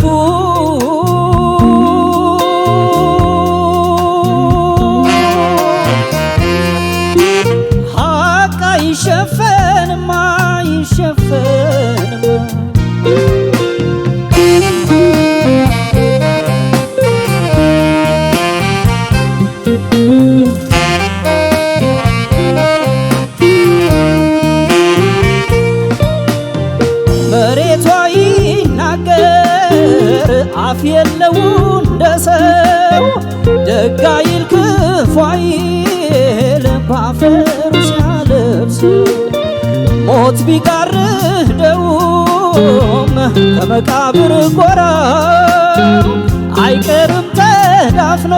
fool ቢቃርህ ደውም ከመቃብር ቆራው አይቀርም ተዳፍኖ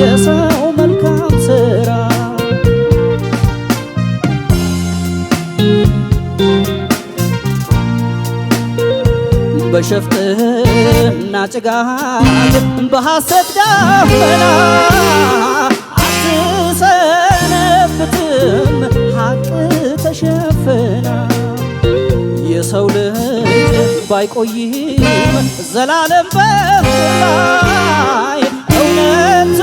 የሰው መልካም ስራ በሸፍጥና ጭጋግ በሐሰት ዳመና ባይቆይም ዘላለም በላይ እውነት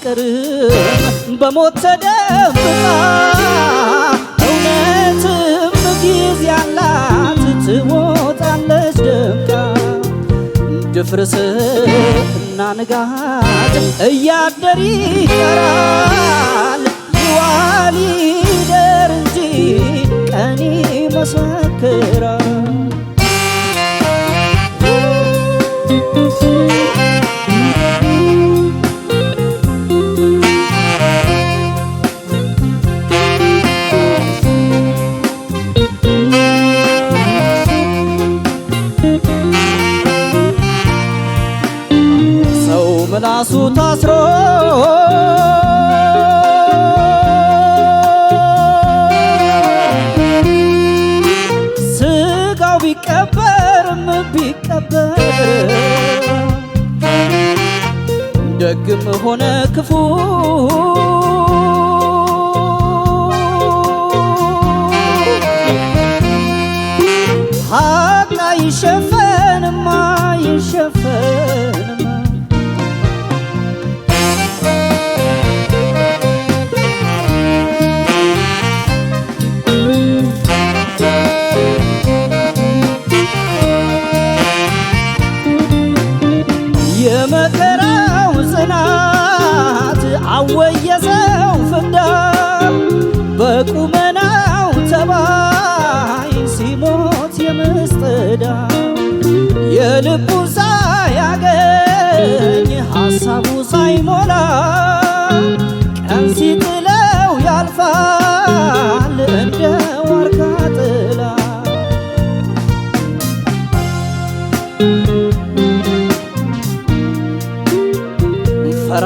አትቀርም በሞት ተደብቃ እውነትም ጊዜ ያላት ትወጣለች ደምቃ ድፍርስ እና ንጋት እያደር ይቀራል ይዋል ይደር እንጂ ቀን ይመሰክራል በምላሱ ታስሮ ስጋው ቢቀበርም ቢቀበር ደግም ሆነ ክፉ ላይ ይሸፈ ወየሰው ፍዳ በቁመናው ተባይ ሲሞት የምስጥዳ የልቡ ሳያገኝ ሐሳቡ ሳይሞላ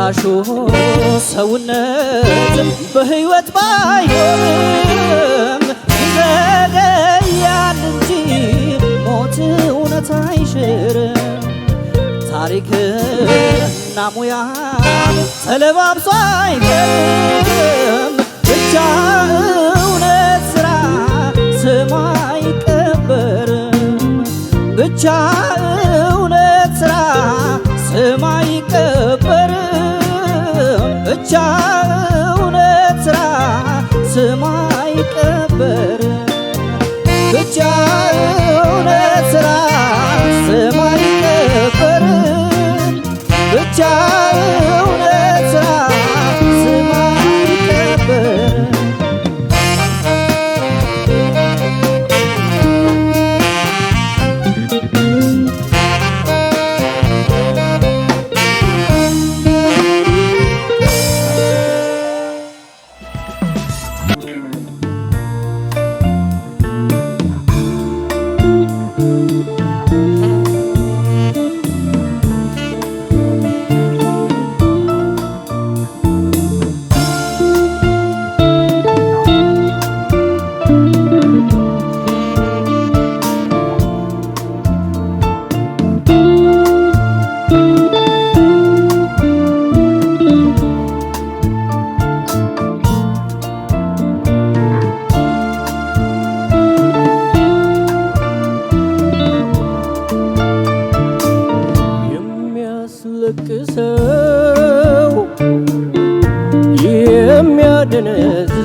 ግማሹ ሰውነት በህይወት ባይሆንም ይዘገያል እንጂ ሞት እውነት አይሽርም። ታሪክና ሙያ ተለባብሶ አይቀርም። ስራ ስማኝ ነበር ብቻ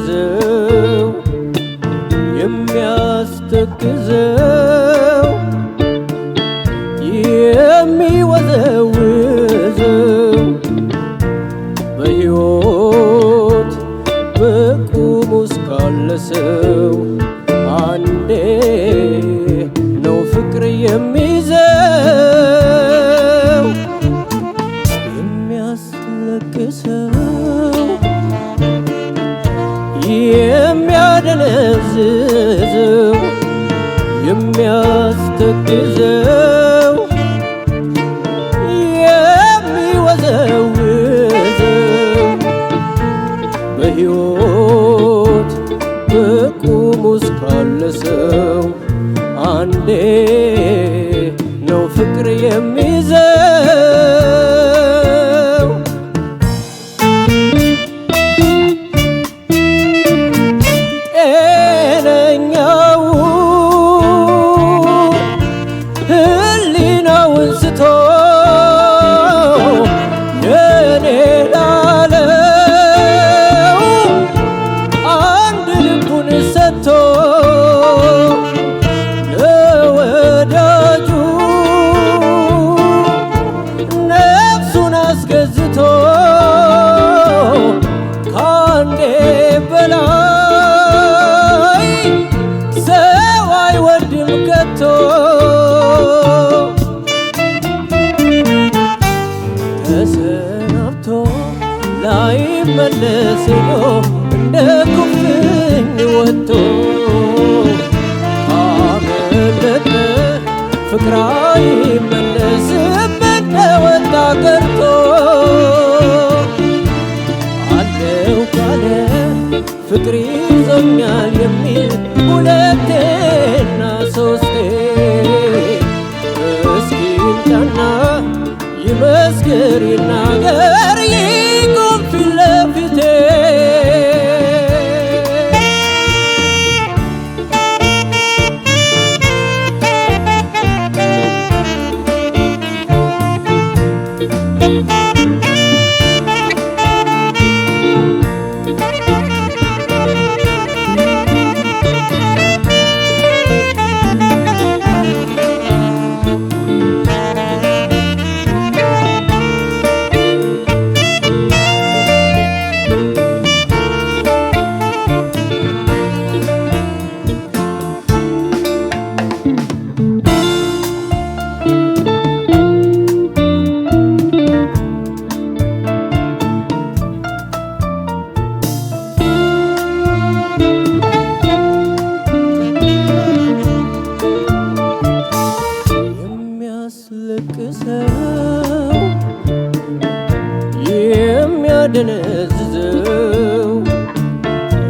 deserve. ቁሙ እስካለ ሰው አንዴ ነው ፍቅር የሚይዘው አይወድም ከቶ ተሰናብቶ ላይመለስ ሄዶ እንደ ኩፍኝ ወጥቶ ካመለጠ ፍቅር አይመለስም እንደወጣ ቀርቶ ይመስገን ይናገር የሚያስለቅሰው የሚያደነዝዘው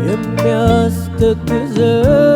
የሚያስተክዘው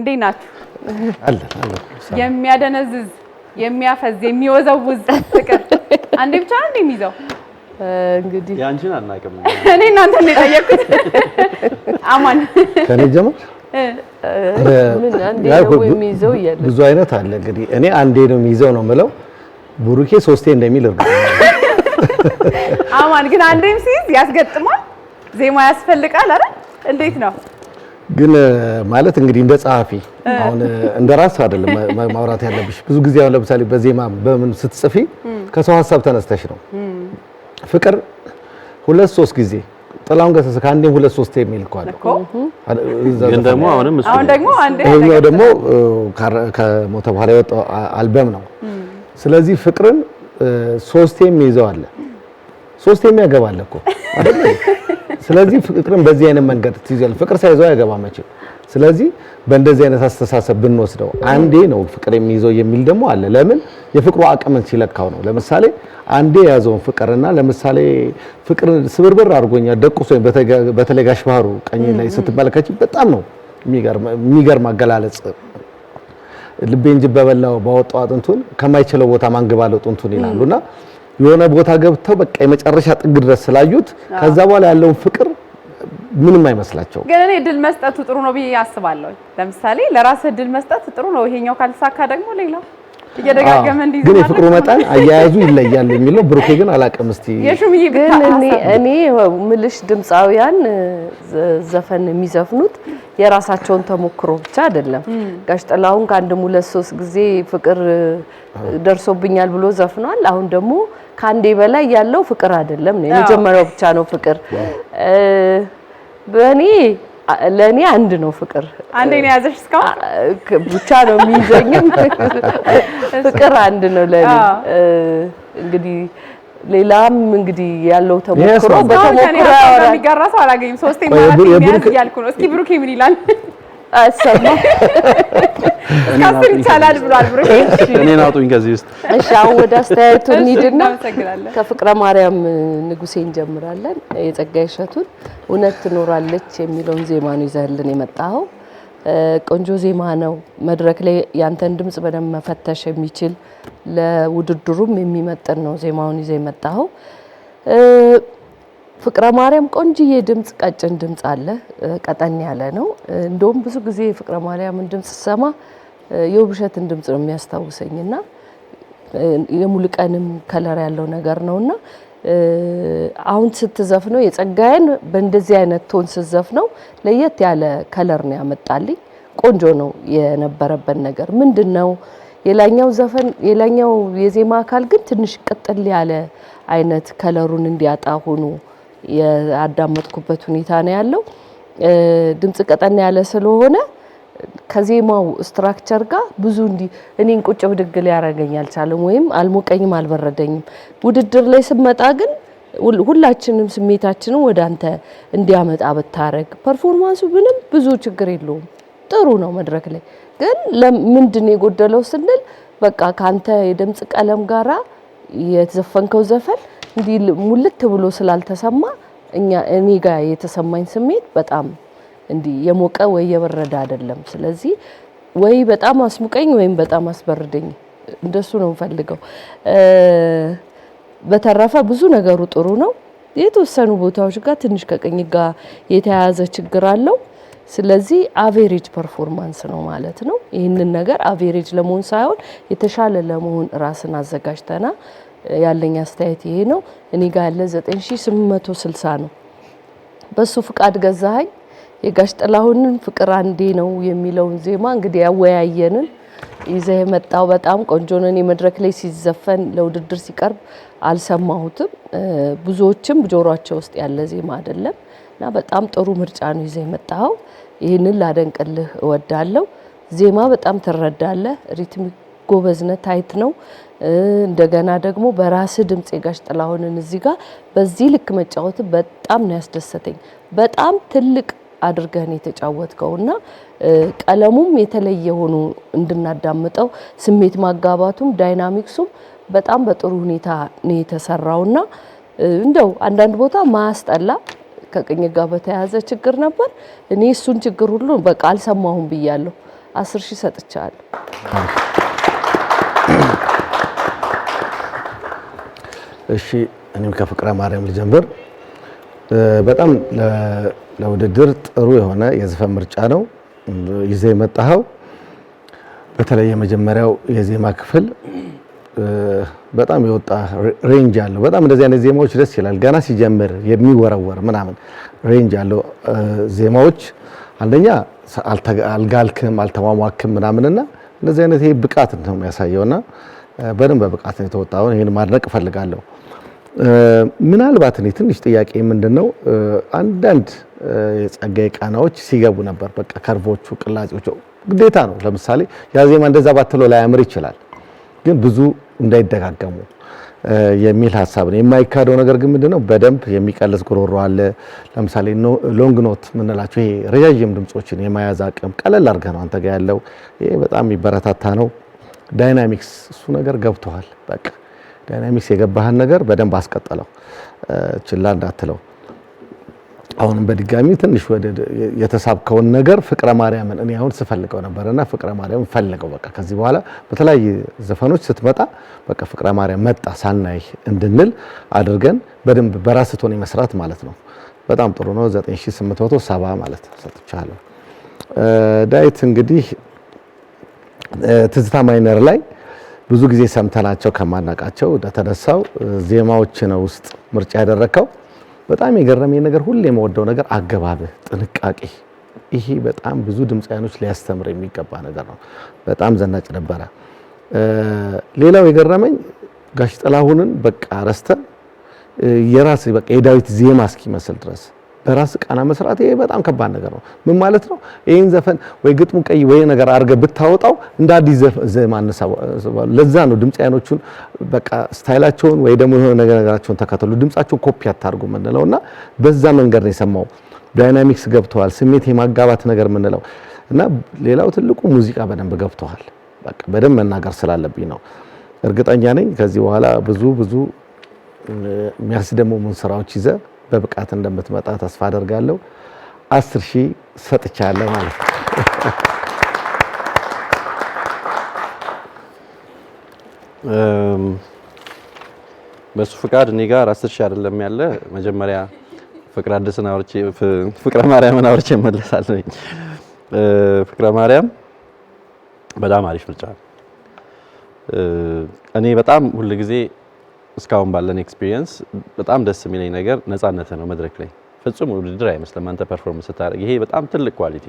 እንዴት ናችሁ? የሚያደነዝዝ የሚያፈዝ የሚወዘውዝ ፍቅር አንዴ ብቻ ነው የሚይዘው። እንግዲህ ያንቺን አናውቅም። እኔ እናንተ ነው የጠየኩት። አማን ከኔ ጀመር የሚይዘው ብዙ አይነት አለ። እንግዲህ እኔ አንዴ ነው የሚይዘው ነው የምለው። ቡሩኬ ሶስቴ እንደሚል እርግጥ አማን ግን አንዴም ሲይዝ ያስገጥማል። ዜማ ያስፈልጋል። አይደል? እንዴት ነው? ግን ማለት እንግዲህ እንደ ጸሐፊ አሁን እንደ ራስ አይደለም ማውራት ያለብሽ። ብዙ ጊዜ አሁን ለምሳሌ በዜማ በምን ስትጽፊ ከሰው ሀሳብ ተነስተሽ ነው። ፍቅር ሁለት ሶስት ጊዜ ጥላውን ገሰሰ ከአንዴ ሁለት ሶስት የሚል እኮ አለ። ግን ደግሞ አሁንም እሱ ይሄኛው ደግሞ ከሞተ በኋላ የወጣው አልበም ነው። ስለዚህ ፍቅርን ሶስቴም ይዘዋል፣ ሶስቴም ያገባል እኮ አይደል ስለዚህ ፍቅርን በዚህ አይነት መንገድ ትይዛል። ፍቅር ሳይዘው አይገባ መቼም። ስለዚህ በእንደዚህ አይነት አስተሳሰብ ብንወስደው አንዴ ነው ፍቅር የሚይዘው የሚል ደግሞ አለ። ለምን የፍቅሩ አቅምን ሲለካው ነው። ለምሳሌ አንዴ የያዘውን ፍቅርና ለምሳሌ ፍቅር ስብርብር አድርጎኛል ደቁሶኝ በተለይ ጋሽ ባህሩ ቀኝ ላይ ስትመለከች በጣም ነው የሚገርም አገላለጽ ልቤ እንጂ በበላው ባወጣው አጥንቱን ከማይችለው ቦታ ማንገባለው ጥንቱን ይላሉና የሆነ ቦታ ገብተው በቃ የመጨረሻ ጥግ ድረስ ስላዩት ከዛ በኋላ ያለውን ፍቅር ምንም አይመስላቸው። ግን እኔ እድል መስጠቱ ጥሩ ነው ብዬ አስባለሁ። ለምሳሌ ለራስህ እድል መስጠት ጥሩ ነው። ይሄኛው ካልተሳካ ደግሞ ሌላው። ግን የፍቅሩ መጠን አያያዙ ይለያል የሚለው ብሩኬ ግን አላውቅም። እስኪ እኔ ምልሽ ድምፃውያን ዘፈን የሚዘፍኑት የራሳቸውን ተሞክሮ ብቻ አይደለም። ጋሽ ጥላሁን ከአንድም ሁለት ሶስት ጊዜ ፍቅር ደርሶብኛል ብሎ ዘፍኗል። አሁን ደግሞ ከአንዴ በላይ ያለው ፍቅር አይደለም የመጀመሪያው ብቻ ነው ፍቅር በእኔ ለእኔ አንድ ነው ፍቅር። አንዴ ነው ያዘሽ እስካሁን ብቻ ነው የሚይዘኝም ፍቅር አንድ ነው ለእኔ። እንግዲህ ሌላም እንግዲህ ያለው ተሞክሮ በተሞክሮ የሚጋራ ሰው አላገኝም። ሶስቴ ማለት ያልኩ ነው። እስኪ ብሩኬ ምን ይላል? አይሰማም። እስካስር ይቻላል ብሏል ብሩ። እኔን አውጡኝ ከዚህ ውስጥ። እሺ አሁን ወደ አስተያየቱ እንሂድና ከፍቅረ ማርያም ንጉሴ እንጀምራለን። የጸጋዬ እሸቱን እውነት ትኖራለች የሚለውን ዜማ ነው ይዘህልን የመጣኸው። ቆንጆ ዜማ ነው። መድረክ ላይ ያንተን ድምጽ በደንብ መፈተሽ የሚችል ለውድድሩም የሚመጥን ነው ዜማውን ይዘህ የመጣኸው። ፍቅረ ማርያም ቆንጅዬ ድምፅ፣ ቀጭን ድምፅ አለ፣ ቀጠን ያለ ነው። እንደውም ብዙ ጊዜ ፍቅረ ማርያምን ድምፅ ስሰማ የውብሸትን ድምፅ ነው የሚያስታውሰኝ እና የሙሉቀንም ከለር ያለው ነገር ነው እና አሁን ስትዘፍነው የጸጋዬን በእንደዚህ አይነት ቶን ስትዘፍነው ለየት ያለ ከለር ነው ያመጣልኝ። ቆንጆ ነው የነበረበት ነገር ምንድን ነው። የላኛው ዘፈን የላኛው የዜማ አካል ግን ትንሽ ቅጥል ያለ አይነት ከለሩን እንዲያጣ ሆኖ ያዳመጥኩበት ሁኔታ ነው ያለው። ድምጽ ቀጠን ያለ ስለሆነ ከዜማው ስትራክቸር ጋር ብዙ እንዲ እኔን ቁጭ ብድግ ሊያደርገኝ አልቻለም፣ ወይም አልሞቀኝም፣ አልበረደኝም። ውድድር ላይ ስመጣ ግን ሁላችንም ስሜታችንም ወደ አንተ እንዲያመጣ ብታረግ ፐርፎርማንሱ ምንም ብዙ ችግር የለውም ጥሩ ነው። መድረክ ላይ ግን ምንድን የጎደለው ስንል በቃ ከአንተ የድምፅ ቀለም ጋራ የተዘፈንከው ዘፈን እንዲህ ሙልት ብሎ ስላልተሰማ እኛ እኔ ጋር የተሰማኝ ስሜት በጣም እንዲህ የሞቀ ወይ የበረደ አይደለም። ስለዚህ ወይ በጣም አስሙቀኝ ወይም በጣም አስበርደኝ፣ እንደሱ ነው የምፈልገው። በተረፈ ብዙ ነገሩ ጥሩ ነው። የተወሰኑ ቦታዎች ጋር ትንሽ ከቅኝ ጋር የተያያዘ ችግር አለው። ስለዚህ አቬሬጅ ፐርፎርማንስ ነው ማለት ነው። ይህንን ነገር አቬሬጅ ለመሆን ሳይሆን የተሻለ ለመሆን ራስን አዘጋጅተና ያለኝ አስተያየት ይሄ ነው። እኔ ጋር ያለ 9860 ነው። በሱ ፍቃድ ገዛኸኝ የጋሽ ጥላሁንን ፍቅር አንዴ ነው የሚለውን ዜማ እንግዲህ ያወያየንን ይዘ የመጣው በጣም ቆንጆ ነው። እኔ መድረክ ላይ ሲዘፈን ለውድድር ሲቀርብ አልሰማሁትም። ብዙዎችም ጆሯቸው ውስጥ ያለ ዜማ አይደለም እና በጣም ጥሩ ምርጫ ነው ይዘ የመጣኸው። ይህንን ላደንቅልህ እወዳለሁ። ዜማ በጣም ትረዳለህ ሪትም ጎበዝነህ ታይት ነው። እንደገና ደግሞ በራስህ ድምፅ የጋሽ ጥላሁንን እዚህ ጋር በዚህ ልክ መጫወት በጣም ነው ያስደሰተኝ። በጣም ትልቅ አድርገህን የተጫወትከው እና ቀለሙም የተለየ ሆኖ እንድናዳምጠው ስሜት ማጋባቱም ዳይናሚክሱም በጣም በጥሩ ሁኔታ ነው የተሰራውና እንደው አንዳንድ ቦታ ማያስጠላ ከቅኝ ጋር በተያያዘ ችግር ነበር። እኔ እሱን ችግር ሁሉ በቃ አልሰማሁም ብያለሁ። አስር ሺህ ሰጥቻለሁ። እሺ እኔም ከፍቅረ ማርያም ልጀምር። በጣም ለውድድር ጥሩ የሆነ የዘፈን ምርጫ ነው ይዘ የመጣኸው። በተለይ የመጀመሪያው የዜማ ክፍል በጣም የወጣ ሬንጅ አለው። በጣም እንደዚህ አይነት ዜማዎች ደስ ይላል። ገና ሲጀምር የሚወረወር ምናምን ሬንጅ አለው ዜማዎች አንደኛ አልጋልክም አልተሟሟክም ምናምንና እንደዚህ አይነት ይሄ ብቃት ነው የሚያሳየውና በደንብ በብቃት ነው የተወጣውን ይህን ማድነቅ እፈልጋለሁ። ምናልባት እኔ ትንሽ ጥያቄ ምንድን ነው አንዳንድ የጸጋዬ ቃናዎች ሲገቡ ነበር። በቃ ከርቮቹ ቅላጼዎቹ ግዴታ ነው። ለምሳሌ ያ ዜማ እንደዛ ባትሎ ላያምር ይችላል። ግን ብዙ እንዳይደጋገሙ የሚል ሀሳብ ነው። የማይካደው ነገር ግን ምንድነው በደንብ የሚቀልስ ጉሮሮ አለ። ለምሳሌ ሎንግ ኖት የምንላቸው ይሄ ረዣዥም ድምጾችን የመያዝ አቅም ቀለል አድርገህ ነው አንተ ጋር ያለው። ይሄ በጣም የሚበረታታ ነው። ዳይናሚክስ እሱ ነገር ገብተዋል። በቃ ዳይናሚክስ የገባህን ነገር በደንብ አስቀጠለው፣ ችላ እንዳትለው። አሁን በድጋሚ ትንሽ ወደ የተሳብከውን ነገር ፍቅረ ማርያምን እኔ አሁን ስፈልገው ነበርና ፍቅረ ማርያም ፈልገው በቃ ከዚህ በኋላ በተለያየ ዘፈኖች ስትመጣ በቃ ፍቅረ ማርያም መጣ ሳናይ እንድንል አድርገን በደንብ በራስ ቶን መስራት ማለት ነው። በጣም ጥሩ ነው። 9870 ማለት ሰጥቻለሁ። ዳዊት እንግዲህ ትዝታ ማይነር ላይ ብዙ ጊዜ ሰምተናቸው ከማናቃቸው ተነሳው ዜማዎች ነው ውስጥ ምርጫ ያደረከው በጣም የገረመኝ ነገር ሁሌ የመወደው ነገር አገባብህ፣ ጥንቃቄ። ይሄ በጣም ብዙ ድምፃውያኖች ሊያስተምር የሚገባ ነገር ነው። በጣም ዘናጭ ነበረ። ሌላው የገረመኝ ጋሽ ጥላሁንን በቃ ረስተን የራስ በቃ የዳዊት ዜማ እስኪመስል ድረስ በራስ ቃና መስራት ይሄ በጣም ከባድ ነገር ነው። ምን ማለት ነው? ይሄን ዘፈን ወይ ግጥሙ ቀይ ወይ ነገር አድርገህ ብታወጣው እንደ አዲስ ዘማን ለዛ ነው ድምፃያኖቹን በቃ ስታይላቸውን ወይ ደግሞ የሆነ ነገራቸውን ተከተሉ፣ ድምፃቸውን ኮፒ አታርጉ የምንለው እና በዛ መንገድ ነው የሰማው። ዳይናሚክስ ገብተዋል፣ ስሜት የማጋባት ነገር የምንለው እና ሌላው ትልቁ ሙዚቃ በደንብ ገብተዋል። በቃ በደንብ መናገር ስላለብኝ ነው። እርግጠኛ ነኝ ከዚህ በኋላ ብዙ ብዙ የሚያስደምሙን ስራዎች ይዘ በብቃት እንደምትመጣ ተስፋ አደርጋለሁ። አስር ሺህ ሰጥቻለሁ ማለት ነው። በሱ ፍቃድ እኔ ጋር አስር ሺህ አይደለም ያለ መጀመሪያ ፍቅረ አዲስን አውርቼ ፍቅረ ማርያምን አውርቼ እመለሳለሁ። ፍቅረ ማርያም በጣም አሪፍ ምርጫ። እኔ በጣም ሁልጊዜ እስካሁን ባለን ኤክስፒሪየንስ በጣም ደስ የሚለኝ ነገር ነፃነት ነው። መድረክ ላይ ፍጹም ውድድር አይመስልም። አንተ ፐርፎርም ስታደርግ ይሄ በጣም ትልቅ ኳሊቲ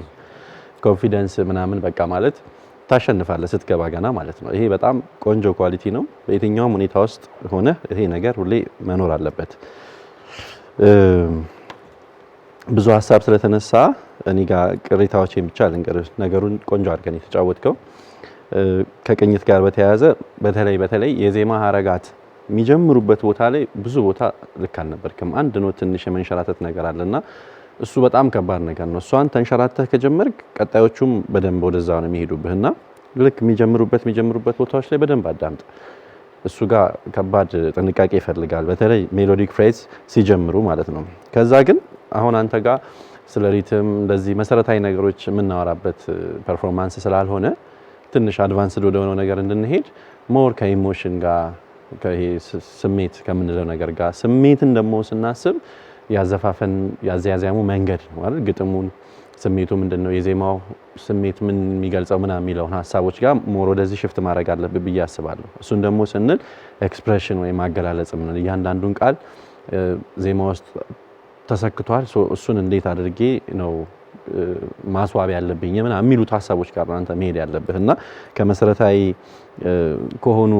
ኮንፊደንስ ምናምን በቃ ማለት ታሸንፋለህ ስትገባ ገና ማለት ነው። ይሄ በጣም ቆንጆ ኳሊቲ ነው። በየትኛውም ሁኔታ ውስጥ ሆነ ይሄ ነገር ሁሌ መኖር አለበት። ብዙ ሀሳብ ስለተነሳ እኔ ጋር ቅሬታዎች ብቻ ልንገርህ። ነገሩን ቆንጆ አድርገን የተጫወትከው ከቅኝት ጋር በተያያዘ በተለይ በተለይ የዜማ ሀረጋት የሚጀምሩበት ቦታ ላይ ብዙ ቦታ ልክ አልነበርክም። አንድ ነው ትንሽ የመንሸራተት ነገር አለና እሱ በጣም ከባድ ነገር ነው። እሷን ተንሸራተህ ከጀመርክ ቀጣዮቹም በደንብ ወደዛ ነው የሚሄዱብህና ልክ የሚጀምሩበት የሚጀምሩበት ቦታዎች ላይ በደንብ አዳምጥ። እሱ ጋር ከባድ ጥንቃቄ ይፈልጋል፣ በተለይ ሜሎዲክ ፍሬዝ ሲጀምሩ ማለት ነው። ከዛ ግን አሁን አንተ ጋር ስለ ሪትም እንደዚህ መሰረታዊ ነገሮች የምናወራበት ፐርፎርማንስ ስላልሆነ ትንሽ አድቫንስድ ወደሆነው ነገር እንድንሄድ ሞር ከኢሞሽን ጋር ስሜት ከምንለው ነገር ጋር ስሜትን ደግሞ ስናስብ ያዘፋፈን ያዘያዘያሙ መንገድ ነው አይደል? ግጥሙን ስሜቱ ምንድን ነው የዜማው ስሜት ምን የሚገልጸው ምና የሚለውን ሀሳቦች ጋር ሞር ወደዚህ ሽፍት ማድረግ አለብን ብዬ አስባለሁ። እሱን ደግሞ ስንል ኤክስፕሬሽን ወይም አገላለጽ ምንል እያንዳንዱን ቃል ዜማ ውስጥ ተሰክቷል። እሱን እንዴት አድርጌ ነው ማስዋብ ያለብኝ ምና የሚሉት ሀሳቦች ጋር አንተ መሄድ ያለብህ እና ከመሰረታዊ ከሆኑ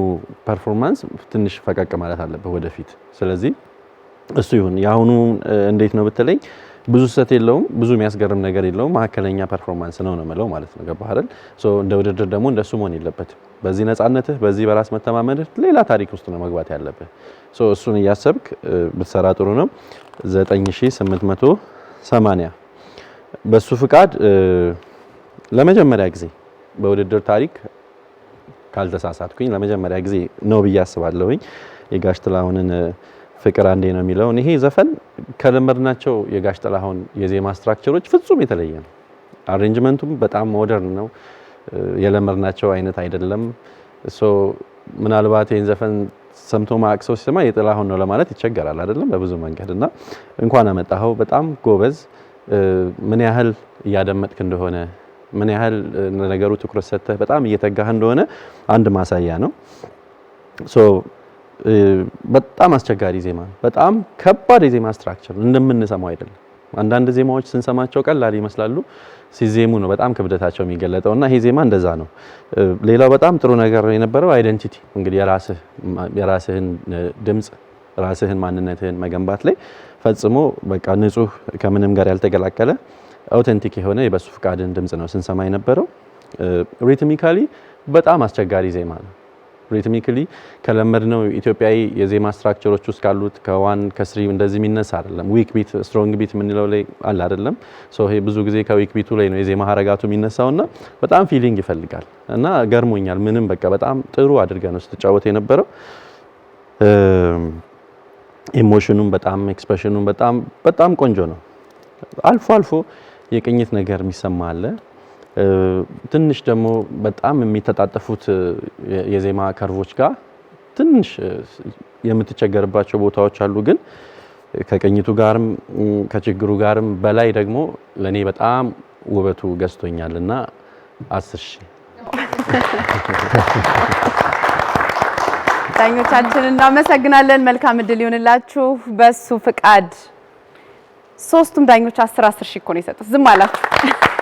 ፐርፎርማንስ ትንሽ ፈቀቅ ማለት አለብህ ወደፊት። ስለዚህ እሱ ይሁን የአሁኑ እንዴት ነው ብትለኝ ብዙ ስህተት የለውም፣ ብዙ የሚያስገርም ነገር የለውም። መካከለኛ ፐርፎርማንስ ነው ነው የምለው ማለት ነው። ገባህ አይደል? እንደ ውድድር ደግሞ እንደሱ መሆን የለበትም። በዚህ ነፃነትህ፣ በዚህ በራስ መተማመንህ ሌላ ታሪክ ውስጥ ነው መግባት ያለብህ። እሱን እያሰብክ ብትሰራ ጥሩ ነው። 9880 በሱ ፍቃድ ለመጀመሪያ ጊዜ በውድድር ታሪክ ካልተሳሳትኩኝ ለመጀመሪያ ጊዜ ነው ብዬ አስባለሁኝ። የጋሽ ጥላሁንን ፍቅር አንዴ ነው የሚለውን ይሄ ዘፈን ከለመድናቸው የጋሽ ጥላሁን የዜማ ስትራክቸሮች ፍጹም የተለየ ነው። አሬንጅመንቱም በጣም ሞደርን ነው፣ የለመድናቸው አይነት አይደለም። ምናልባት ይህን ዘፈን ሰምቶ ማቅ ሰው ሲሰማ የጥላሁን ነው ለማለት ይቸገራል አይደለም በብዙ መንገድ እና እንኳን አመጣኸው በጣም ጎበዝ ምን ያህል እያደመጥክ እንደሆነ ምን ያህል ነገሩ ትኩረት ሰጥተህ በጣም እየተጋህ እንደሆነ አንድ ማሳያ ነው። ሶ በጣም አስቸጋሪ ዜማ ነው። በጣም ከባድ የዜማ ስትራክቸር እንደምንሰማው አይደለም። አንዳንድ ዜማዎች ስንሰማቸው ቀላል ይመስላሉ፣ ሲዜሙ ነው በጣም ክብደታቸው የሚገለጠው እና ይሄ ዜማ እንደዛ ነው። ሌላው በጣም ጥሩ ነገር የነበረው አይደንቲቲ እንግዲህ የራስህን ድምፅ ራስህን ማንነትህን መገንባት ላይ ፈጽሞ በቃ ንጹህ ከምንም ጋር ያልተቀላቀለ አውተንቲክ የሆነ የበሱ ፍቃድን ድምጽ ነው ስንሰማ የነበረው። ሪትሚካሊ በጣም አስቸጋሪ ዜማ ነው። ሪትሚካሊ ከለመድነው ኢትዮጵያዊ የዜማ ስትራክቸሮች ውስጥ ካሉት ከዋን ከስሪ እንደዚህ የሚነሳ አይደለም። ዊክ ቢት ስትሮንግ ቢት የምንለው ላይ አለ አይደለም። ይሄ ብዙ ጊዜ ከዊክ ቢቱ ላይ ነው የዜማ ሀረጋቱ የሚነሳውና በጣም ፊሊንግ ይፈልጋል እና ገርሞኛል። ምንም በቃ በጣም ጥሩ አድርገ ነው ስትጫወት የነበረው። ኢሞሽኑም በጣም ኤክስፕሬሽኑም በጣም በጣም ቆንጆ ነው። አልፎ አልፎ የቅኝት ነገር የሚሰማ አለ። ትንሽ ደግሞ በጣም የሚተጣጠፉት የዜማ ከርቮች ጋር ትንሽ የምትቸገርባቸው ቦታዎች አሉ። ግን ከቅኝቱ ጋርም ከችግሩ ጋርም በላይ ደግሞ ለእኔ በጣም ውበቱ ገዝቶኛል እና አስር ሺህ ዳኞቻችን እናመሰግናለን። መልካም እድል ይሆንላችሁ። በሱ ፍቃድ ሶስቱም ዳኞች አስር አስር ሺህ እኮ ነው የሰጡት። ዝም አላችሁ።